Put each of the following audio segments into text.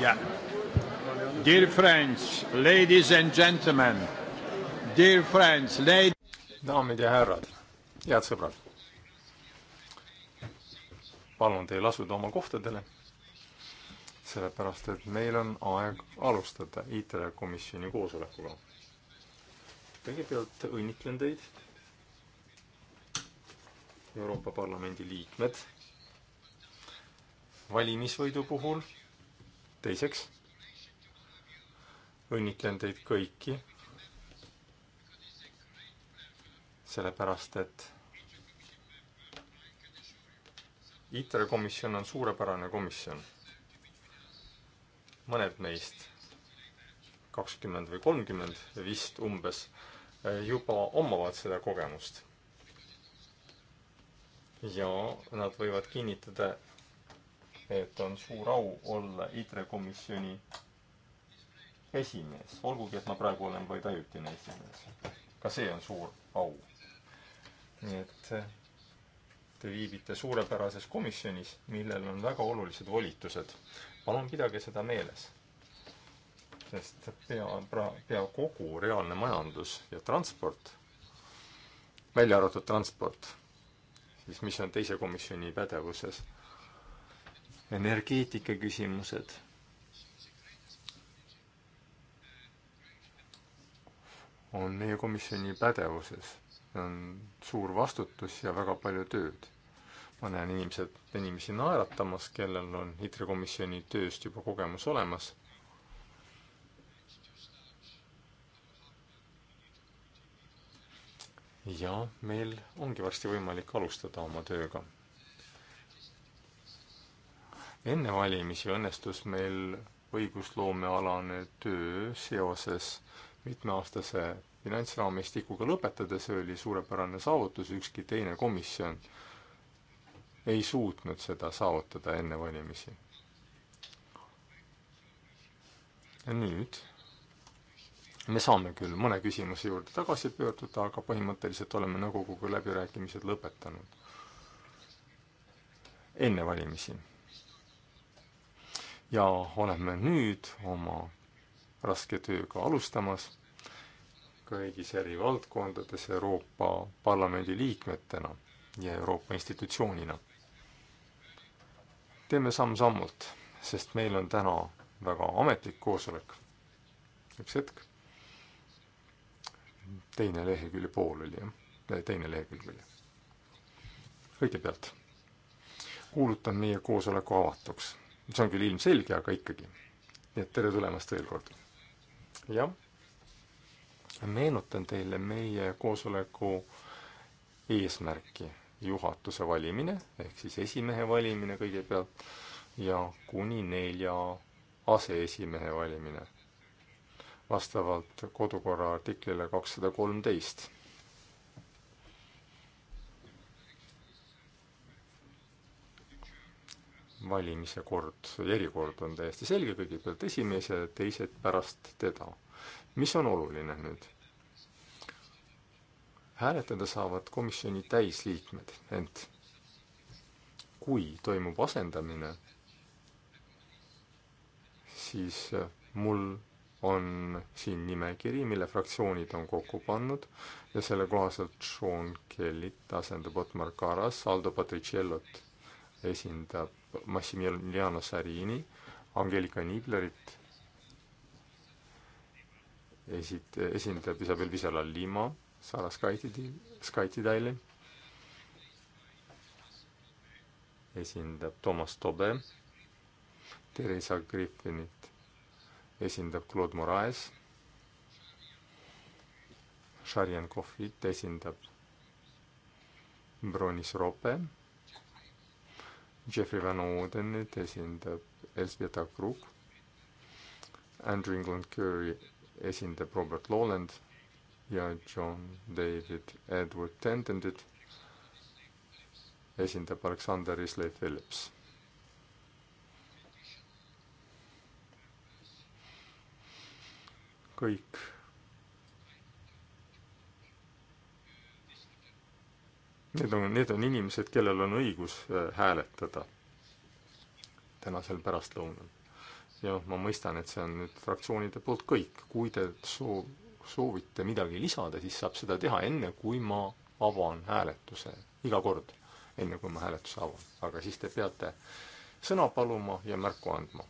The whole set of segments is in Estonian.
Yeah. Dear friends, ladies and gentlemen, dear friends, ladies. daamid ja härrad, head sõbrad. palun teil asuda oma kohtadele, sellepärast et meil on aeg alustada ITRE komisjoni koosolekuga. kõigepealt õnnitlen teid, Euroopa Parlamendi liikmed, valimisvõidu puhul teiseks õnnitlen teid kõiki, sellepärast et ITRE komisjon on suurepärane komisjon. mõned meist, kakskümmend või kolmkümmend vist umbes, juba omavad seda kogemust. ja nad võivad kinnitada, et on suur au olla ITRE komisjoni esimees, olgugi et ma praegu olen vaid ajutine esimees. ka see on suur au. nii et eh, te viibite suurepärases komisjonis, millel on väga olulised volitused. palun pidage seda meeles. sest pea, pea kogu reaalne majandus ja transport, välja arvatud transport, siis mis on teise komisjoni pädevuses energeetika küsimused. on meie komisjoni pädevuses, on suur vastutus ja väga palju tööd. ma näen inimesed, inimesi naeratamas, kellel on ITRE komisjoni tööst juba kogemus olemas. ja meil ongi varsti võimalik alustada oma tööga enne valimisi õnnestus meil õigusloomealane töö seoses mitmeaastase finantsraamistikuga lõpetada, see oli suurepärane saavutus, ükski teine komisjon ei suutnud seda saavutada enne valimisi. nüüd me saame küll mõne küsimuse juurde tagasi pöörduda, aga põhimõtteliselt oleme nõukoguga läbirääkimised lõpetanud enne valimisi ja oleme nüüd oma raske tööga alustamas kõigis eri valdkondades Euroopa Parlamendi liikmetena ja Euroopa institutsioonina. teeme samm-sammult, sest meil on täna väga ametlik koosolek. üks hetk. teine lehekülje pool oli jah, äh, teine lehekülg oli. kõigepealt kuulutan meie koosoleku avatuks see on küll ilmselge, aga ikkagi. nii et tere tulemast veel kord. jah, meenutan teile meie koosoleku eesmärki, juhatuse valimine ehk siis esimehe valimine kõigepealt ja kuni nelja aseesimehe valimine vastavalt kodukorra artiklile kakssada kolmteist valimise kord, erikord on täiesti selge, kõigepealt esimees ja teised pärast teda. mis on oluline nüüd? hääletada saavad komisjoni täisliikmed, ent kui toimub asendamine, siis mul on siin nimekiri, mille fraktsioonid on kokku pannud ja selle kohaselt Sean Kellyt asendab Otmar Karas, Aldo Patriciellot esindab Massimiliano Sarini, Angelika Niblerit, esit-, esindab Isabel Visala Lima, Sara Skaitidi, Skaitidaili, esindab Toomas Tobe, Theresa Griffinit esindab Claude Moraes, Šarjan Kohvit esindab Bronis Rope Jeffrey Van Odenit esindab Elspeta Krug, Andrew England Curry esindab Robert Lawland ja John David Edward Tendendit esindab Alexander Isley Phillips. kõik Need on, need on inimesed, kellel on õigus äh, hääletada tänasel pärastlõunal. ja noh, ma mõistan, et see on nüüd fraktsioonide poolt kõik, kui te soov, soovite midagi lisada, siis saab seda teha enne, kui ma avan hääletuse, iga kord, enne kui ma hääletuse avan, aga siis te peate sõna paluma ja märku andma.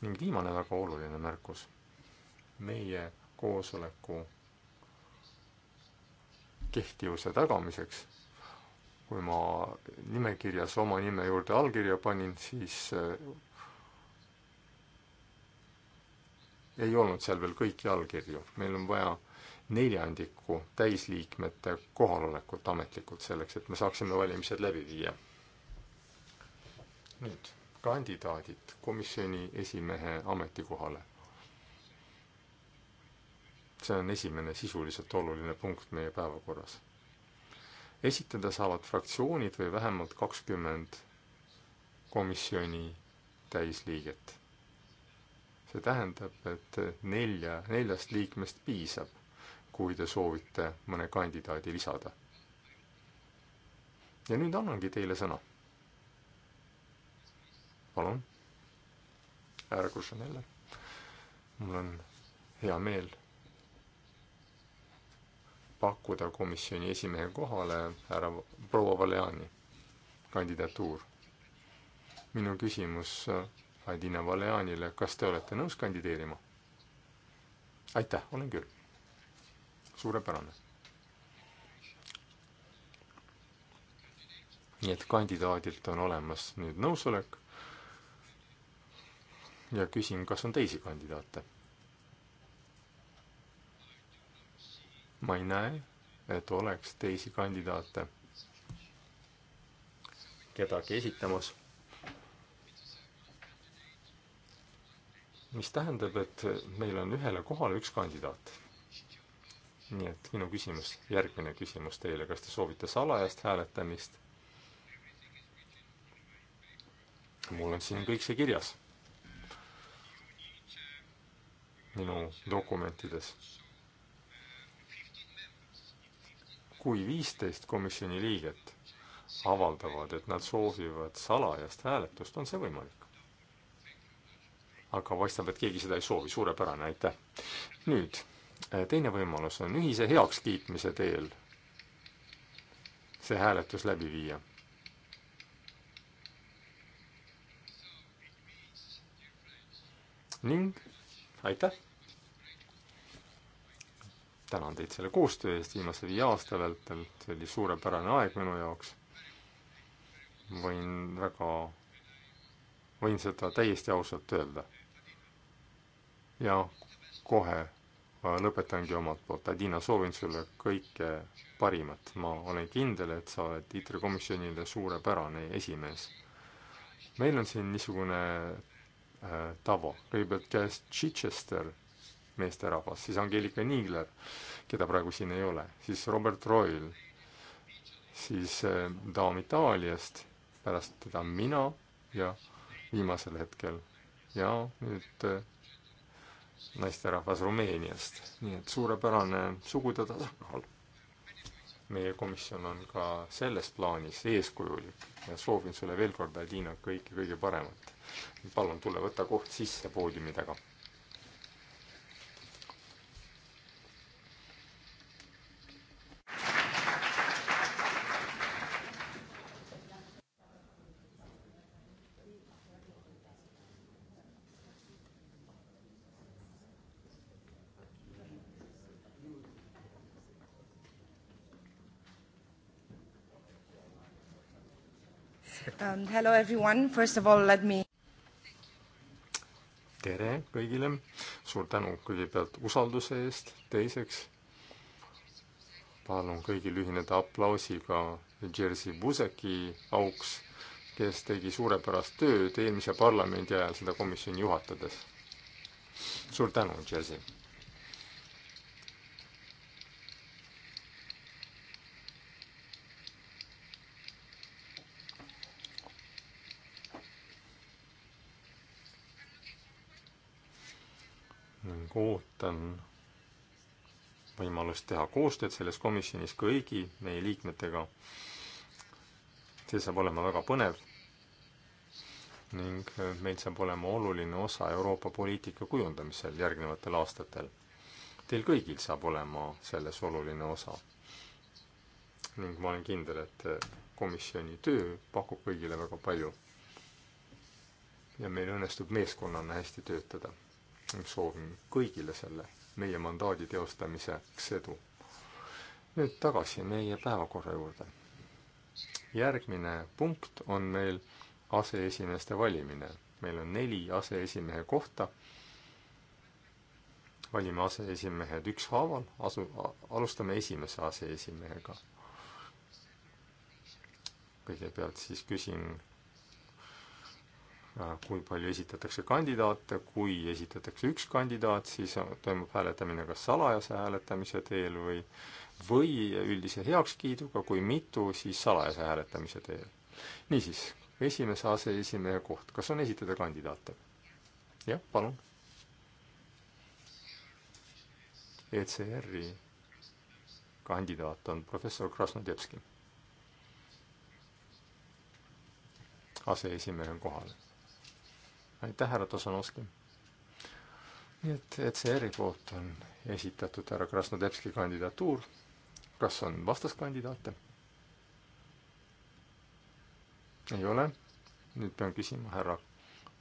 ning viimane väga oluline märkus. meie koosoleku kehtivuse tagamiseks, kui ma nimekirjas oma nime juurde allkirja panin, siis eh, ei olnud seal veel kõiki allkirju, meil on vaja neljandiku täisliikmete kohalolekut ametlikult selleks, et me saaksime valimised läbi viia. nüüd kandidaadid komisjoni esimehe ametikohale see on esimene sisuliselt oluline punkt meie päevakorras. esitada saavad fraktsioonid või vähemalt kakskümmend komisjoni täisliiget. see tähendab, et nelja, neljast liikmest piisab, kui te soovite mõne kandidaadi lisada. ja nüüd annangi teile sõna. palun, härra Krušanelle, mul on hea meel pakkuda komisjoni esimehe kohale härra proua Valjani kandidatuur. minu küsimus äh, Adina Valjanile, kas te olete nõus kandideerima? aitäh, olen küll. suurepärane. nii et kandidaadilt on olemas nüüd nõusolek. ja küsin, kas on teisi kandidaate ma ei näe, et oleks teisi kandidaate kedagi esitamas. mis tähendab, et meil on ühele kohale üks kandidaat. nii et minu küsimus, järgmine küsimus teile, kas te soovite salajast hääletamist? mul on siin kõik see kirjas minu dokumentides kui viisteist komisjoni liiget avaldavad, et nad soovivad salajast hääletust, on see võimalik. aga paistab, et keegi seda ei soovi, suurepärane, aitäh. nüüd, äh, teine võimalus on ühise heakskiitmise teel see hääletus läbi viia. ning aitäh! tänan teid selle koostöö eest viimase viie aasta vältel, see oli suurepärane aeg minu jaoks. võin väga, võin seda täiesti ausalt öelda. ja kohe lõpetangi omalt poolt. Adina, soovin sulle kõike parimat. ma olen kindel, et sa oled ITRE komisjonile suurepärane esimees. meil on siin niisugune äh, tava. kõigepealt käis Chichester meesterahvas, siis Angelika Niigler, keda praegu siin ei ole, siis Robert Royle, siis eh, daam Itaaliast, pärast teda mina ja viimasel hetkel ja nüüd eh, naisterahvas Rumeeniast, nii et suurepärane sugude tasakaal. meie komisjon on ka selles plaanis eeskujulik ja soovin sulle veel kord, Aliina, kõike kõige paremat. palun tule võta koht sisse poodiumi taga um,. Hello everyone, first of all let me tere kõigile, suur tänu kõigepealt usalduse eest, teiseks palun kõigil ühineda aplausiga Jerzy Buzeki auks, kes tegi suurepärast tööd eelmise parlamendi ajal seda komisjoni juhatades. suur tänu, Jerzy! ning ootan võimalust teha koostööd selles komisjonis kõigi meie liikmetega. see saab olema väga põnev ning meil saab olema oluline osa Euroopa poliitika kujundamisel järgnevatel aastatel. Teil kõigil saab olema selles oluline osa. ning ma olen kindel, et komisjoni töö pakub kõigile väga palju. ja meil õnnestub meeskonnana hästi töötada soovin kõigile selle meie mandaadi teostamiseks edu. nüüd tagasi meie päevakorra juurde. järgmine punkt on meil aseesimeeste valimine. meil on neli aseesimehe kohta. valime aseesimehed ükshaaval, asu, alustame esimese aseesimehega. kõigepealt siis küsin Äh, kui palju esitatakse kandidaate, kui esitatakse üks kandidaat, siis toimub hääletamine kas salajase hääletamise teel või, või üldise heakskiiduga, kui mitu, siis salajase hääletamise teel. niisiis, esimese aseesimehe koht, kas on esitada kandidaate? jah, palun. ECR-i kandidaat on professor Krasnodebski. aseesimehe kohale aitäh, härra Tosanovski. nii et ECR-i poolt on esitatud härra Krasnodebski kandidatuur. kas on vastaskandidaate? ei ole. nüüd pean küsima härra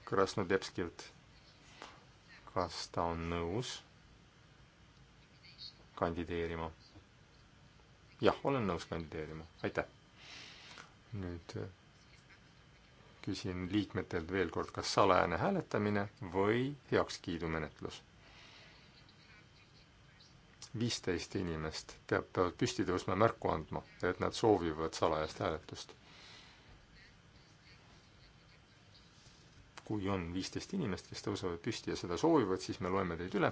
Krasnodebskilt, kas ta on nõus kandideerima. jah, olen nõus kandideerima, aitäh. nüüd küsin liikmetelt veel kord, kas salajane hääletamine või heakskiidumenetlus? viisteist inimest peab, peavad püsti tõusma ja märku andma, et nad soovivad salajast hääletust. kui on viisteist inimest, kes tõusevad püsti ja seda soovivad, siis me loeme teid üle.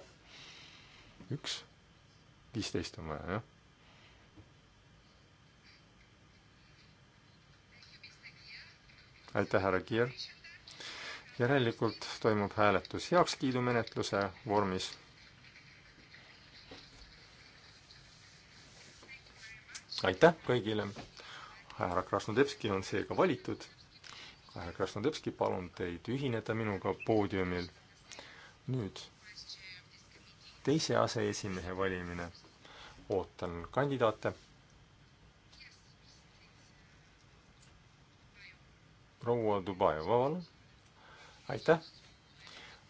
üks, viisteist on vaja, jah aitäh, härra Kiir. järelikult toimub hääletus heakskiidumenetluse vormis. aitäh kõigile. härra Krasnodebski on seega valitud. härra Krasnodebski, palun teid ühineda minuga poodiumil. nüüd teise aseesimehe valimine. ootan kandidaate proua Dubajeva, palun. aitäh.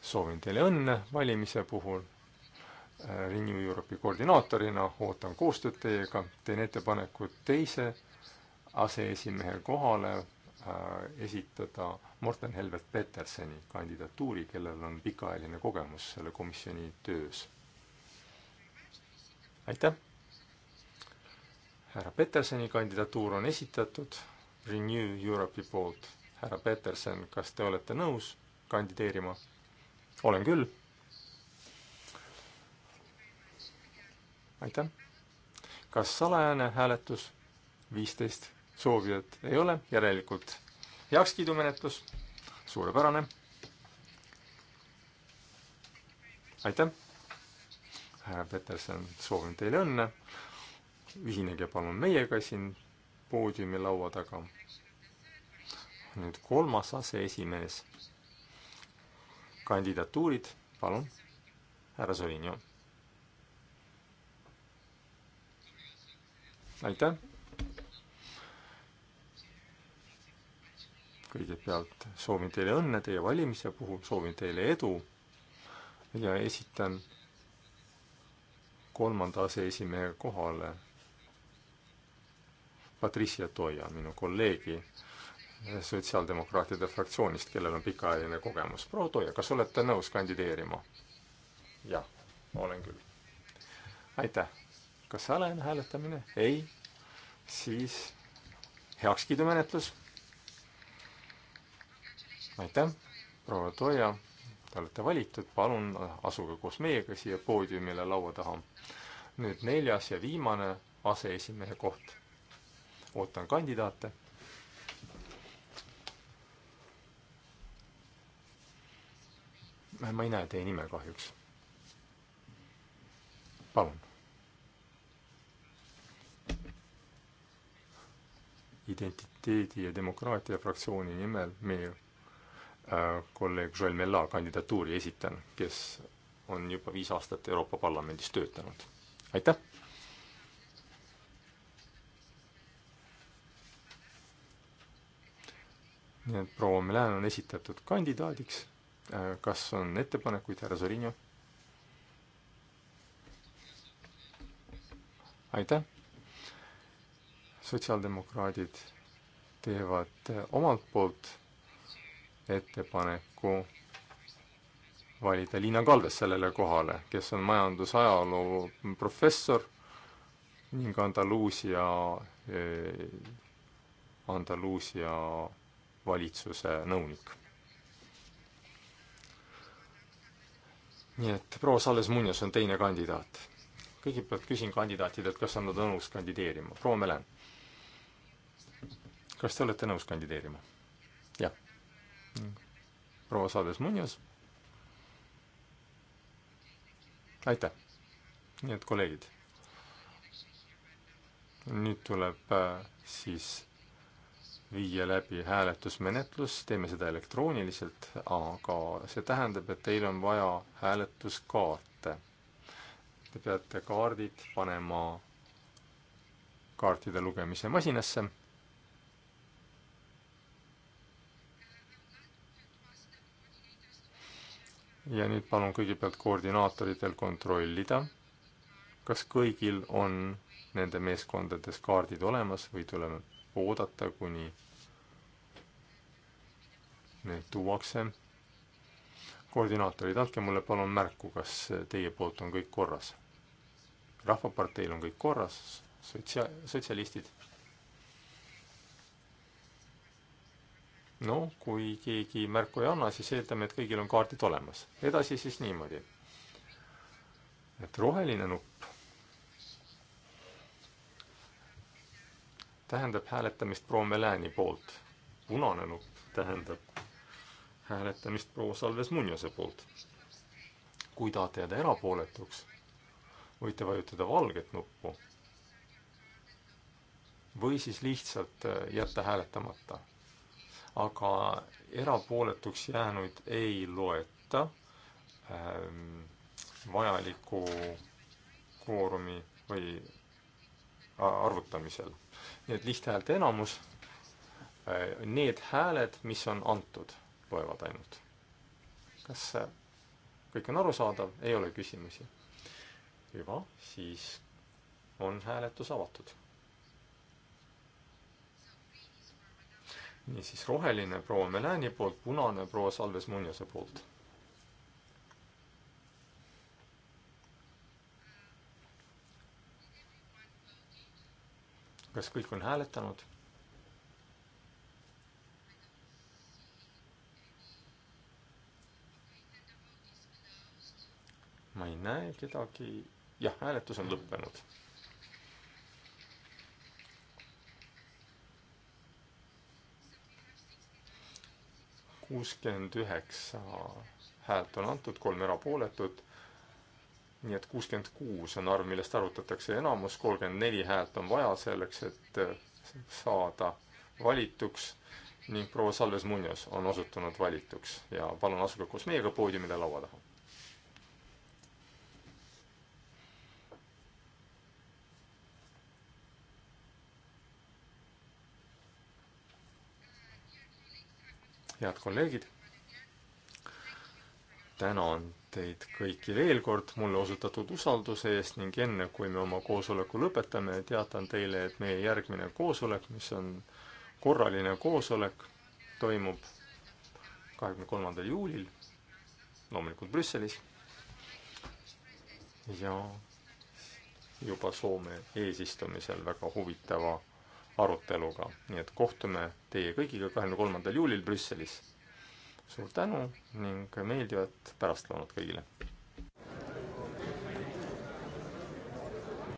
soovin teile õnne valimise puhul. Äh, Renew Europe'i koordinaatorina ootan koostööd teiega, teen ettepaneku teise aseesimehe kohale äh, esitada Morten Helvet Petersoni kandidatuuri, kellel on pikaajaline kogemus selle komisjoni töös. aitäh! härra Petersoni kandidatuur on esitatud Renew Europe'i poolt härra Peterson, kas te olete nõus kandideerima? olen küll. aitäh. kas salajane hääletus, viisteist soovijat ei ole, järelikult heakskiidumenetlus, suurepärane. aitäh, härra Peterson, soovin teile õnne. ühinege palun meiega siin poodiumi laua taga nüüd kolmas aseesimees. kandidatuurid, palun, härra Solinio. aitäh. kõigepealt soovin teile õnne teie valimise puhul, soovin teile edu ja esitan kolmanda aseesimehe kohale Patricia Toia, minu kolleegi sotsiaaldemokraatide fraktsioonist, kellel on pikaajaline kogemus. proua Toia, kas olete nõus kandideerima? jah, olen küll. aitäh. kas salajane hääletamine? ei. siis heakskiidumenetlus. aitäh, proua Toia. Te olete valitud, palun asuge koos meiega siia poodiumile laua taha. nüüd neljas ja viimane aseesimehe koht. ootan kandidaate ma ei näe teie nime kahjuks. palun. identiteedi ja demokraatia fraktsiooni nimel meie äh, kolleeg Joel Mella kandidatuuri esitan, kes on juba viis aastat Euroopa Parlamendis töötanud. aitäh! nii et proua Milan on esitatud kandidaadiks Äh, kas on ettepanekuid, härra Zorinjo? aitäh! sotsiaaldemokraadid teevad äh, omalt poolt ettepaneku valida Liina Kalves sellele kohale, kes on majandusajaloo professor ning Andaluusia, äh, Andaluusia valitsuse nõunik nii et proua Salles Munjas on teine kandidaat. kõigepealt küsin kandidaatidelt, kas on nad nõus kandideerima. proua Melen, kas te olete nõus kandideerima? jah. proua Salles Munjas. aitäh. nii et kolleegid, nüüd tuleb äh, siis viia läbi hääletusmenetlus, teeme seda elektrooniliselt, aga see tähendab, et teil on vaja hääletuskaarte. Te peate kaardid panema kaartide lugemise masinasse ja nüüd palun kõigepealt koordinaatoritel kontrollida, kas kõigil on nende meeskondades kaardid olemas või tuleme oodata, kuni need tuuakse. koordinaatorid, andke mulle palun märku, kas teie poolt on kõik korras. rahvaparteil on kõik korras, sotsia-, sotsialistid. no kui keegi märku ei anna, siis eeldame, et kõigil on kaardid olemas. edasi siis niimoodi, et roheline nupp tähendab hääletamist proua Melani poolt. punane nupp tähendab hääletamist proua Salves Munjase poolt. kui tahate jääda erapooletuks, võite vajutada valget nuppu või siis lihtsalt äh, jätta hääletamata. aga erapooletuks jäänuid ei loeta ähm, vajaliku kvoorumi või arvutamisel. nii et lihthäälte enamus, äh, need hääled, mis on antud, loevad ainult. kas äh, kõik on arusaadav, ei ole küsimusi? hüva, siis on hääletus avatud. niisiis, roheline proua Melani poolt, punane proua Salves Munjase poolt kas kõik on hääletanud? ma ei näe kedagi. jah, hääletus on lõppenud. kuuskümmend üheksa häält on antud, kolm erapooletut nii et kuuskümmend kuus on arv, millest arutatakse enamus, kolmkümmend neli häält on vaja selleks, et äh, saada valituks ning proua Salves Munjos on osutunud valituks ja palun asuge koos meiega poodiumile laua taha. head kolleegid tänan teid kõiki veel kord mulle osutatud usalduse eest ning enne, kui me oma koosoleku lõpetame, teatan teile, et meie järgmine koosolek, mis on korraline koosolek, toimub kahekümne kolmandal juulil, loomulikult Brüsselis, ja juba Soome eesistumisel väga huvitava aruteluga, nii et kohtume teie kõigiga kahekümne kolmandal juulil Brüsselis suur tänu ning meeldivat pärastlõunat kõigile!